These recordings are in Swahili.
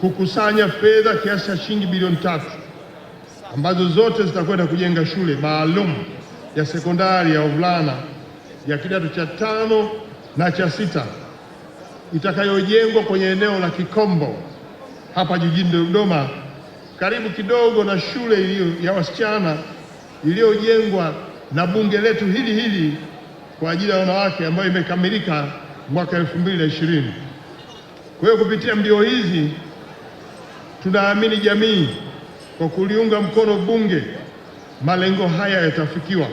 kukusanya fedha kiasi cha shilingi bilioni tatu ambazo zote zitakwenda kujenga shule maalum ya sekondari ya wavulana ya kidato cha tano na cha sita itakayojengwa kwenye eneo la Kikombo hapa jijini Dodoma, karibu kidogo na shule iliyo ya wasichana iliyojengwa na bunge letu hili hili kwa ajili ya wanawake ambayo imekamilika mwaka elfu mbili na ishirini. Kwa hiyo kupitia mbio hizi Tunaamini jamii kwa kuliunga mkono bunge, malengo haya yatafikiwa.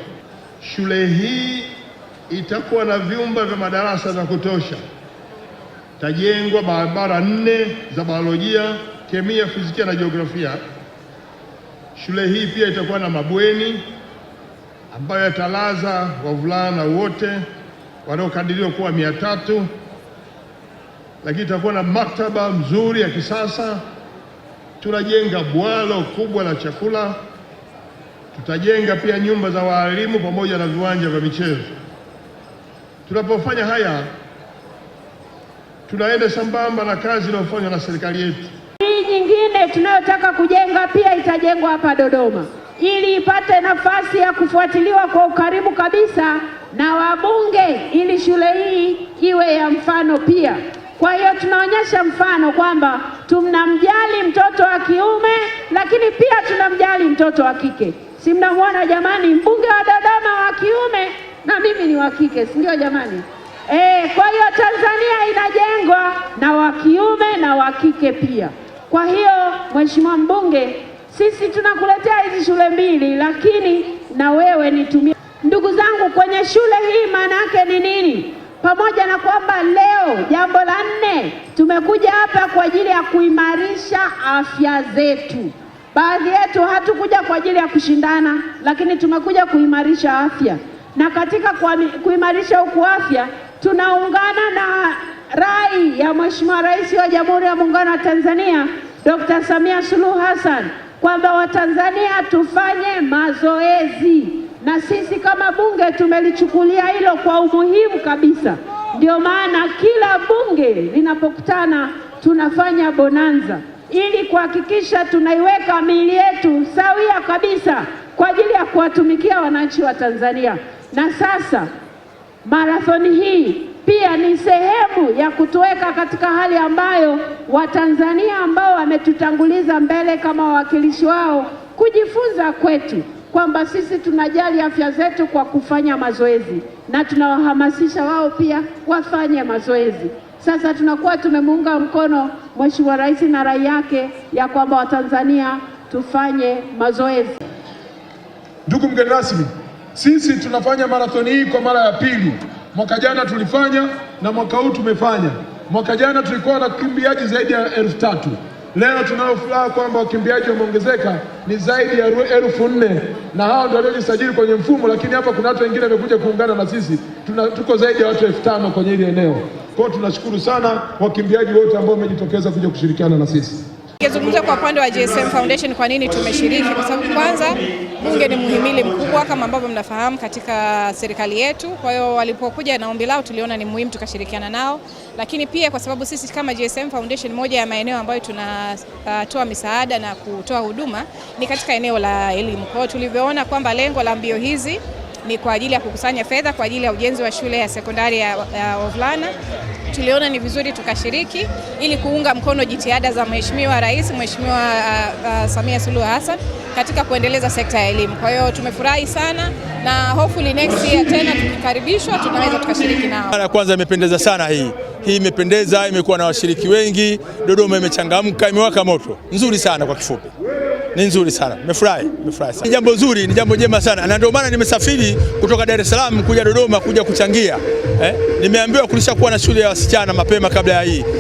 Shule hii itakuwa na vyumba vya madarasa za kutosha, tajengwa maabara nne za biolojia, kemia, fizikia na jiografia. Shule hii pia itakuwa na mabweni ambayo yatalaza wavulana wote wanaokadiriwa kuwa mia tatu, lakini itakuwa na maktaba mzuri ya kisasa tunajenga bwalo kubwa la chakula, tutajenga pia nyumba za walimu pamoja na viwanja vya michezo. Tunapofanya haya, tunaenda sambamba na kazi inayofanywa na serikali yetu. Hii nyingine tunayotaka kujenga pia itajengwa hapa Dodoma ili ipate nafasi ya kufuatiliwa kwa ukaribu kabisa na wabunge, ili shule hii iwe ya mfano pia. Kwa hiyo tunaonyesha mfano kwamba Tunamjali mtoto wa kiume, lakini pia tunamjali mtoto wa kike. Si mnamwona jamani, mbunge wa Dodoma wa kiume na mimi ni wa kike, si ndio jamani? E, kwa hiyo Tanzania inajengwa na wa kiume na wa kike pia. Kwa hiyo mheshimiwa mbunge, sisi tunakuletea hizi shule mbili, lakini na wewe nitumie, ndugu zangu, kwenye shule hii maana yake ni nini? Pamoja na kwamba leo, jambo la nne, tumekuja hapa kwa ajili ya kuimarisha afya zetu. Baadhi yetu hatukuja kwa ajili ya kushindana, lakini tumekuja kuimarisha afya, na katika kuimarisha huku afya tunaungana na rai ya Mheshimiwa Rais wa Jamhuri ya Muungano wa Tanzania Dr. Samia Suluhu Hassan kwamba Watanzania tufanye mazoezi na sisi kama bunge tumelichukulia hilo kwa umuhimu kabisa. Ndio maana kila bunge linapokutana tunafanya bonanza ili kuhakikisha tunaiweka miili yetu sawia kabisa kwa ajili ya kuwatumikia wananchi wa Tanzania. Na sasa marathoni hii pia ni sehemu ya kutuweka katika hali ambayo Watanzania ambao wametutanguliza mbele kama wawakilishi wao kujifunza kwetu kwamba sisi tunajali afya zetu kwa kufanya mazoezi na tunawahamasisha wao pia wafanye mazoezi. Sasa tunakuwa tumemuunga mkono Mheshimiwa Rais na rai yake ya kwamba Watanzania tufanye mazoezi. Ndugu mgeni rasmi, sisi tunafanya marathoni hii kwa mara ya pili. Mwaka jana tulifanya na mwaka huu tumefanya. Mwaka jana tulikuwa na kimbiaji zaidi ya elfu tatu. Leo tunao furaha kwamba wakimbiaji wameongezeka, ni zaidi ya elfu nne na hao ndio waliojisajili kwenye mfumo, lakini hapa kuna watu wengine wamekuja kuungana na sisi. Tuna, tuko zaidi ya watu elfu tano kwenye hili eneo. Kwa hiyo tunashukuru sana wakimbiaji wote ambao wamejitokeza kuja kushirikiana na sisi. Nikizungumza kwa upande wa GSM Foundation, kwa nini tumeshiriki? Kwa sababu kwanza bunge ni muhimili mkubwa kama ambavyo mnafahamu katika serikali yetu. Kwa hiyo walipokuja na ombi lao, tuliona ni muhimu tukashirikiana nao, lakini pia kwa sababu sisi kama GSM Foundation, moja ya maeneo ambayo tunatoa uh, misaada na kutoa huduma ni katika eneo la elimu. Kwa hiyo tulivyoona kwamba lengo la mbio hizi ni kwa ajili ya kukusanya fedha kwa ajili ya ujenzi wa shule ya sekondari ya wavulana. Tuliona ni vizuri tukashiriki ili kuunga mkono jitihada za Mheshimiwa Rais, Mheshimiwa uh, uh, Samia Suluhu Hassan katika kuendeleza sekta ya elimu. Kwa hiyo tumefurahi sana na hopefully next year tena tukikaribishwa tunaweza tukashiriki nao. Mara ya kwanza imependeza sana hii. Hii imependeza, imekuwa na washiriki wengi. Dodoma imechangamka, imewaka moto. Nzuri sana kwa kifupi ni nzuri sana, nimefurahi, nimefurahi sana. Ni jambo zuri, ni jambo jema sana, na ndio maana nimesafiri kutoka Dar es Salaam kuja Dodoma kuja kuchangia eh. Nimeambiwa kulishakuwa na shule ya wasichana mapema kabla ya hii.